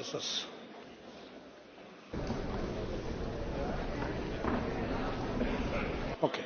ist das. Okay.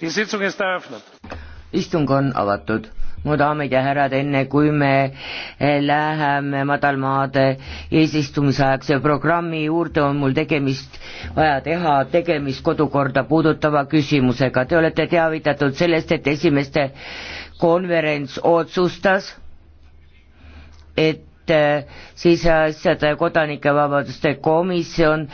die sitzung ist eröffnet. istung on avatud mu daamid ja härrad, enne kui me eh, läheme madalmaade eesistumisaegse programmi juurde, on mul tegemist, vaja teha tegemist kodukorda puudutava küsimusega. Te olete teavitatud sellest, et esimeste konverents otsustas, et eh, siseasjade ja kodanikevabaduste komisjon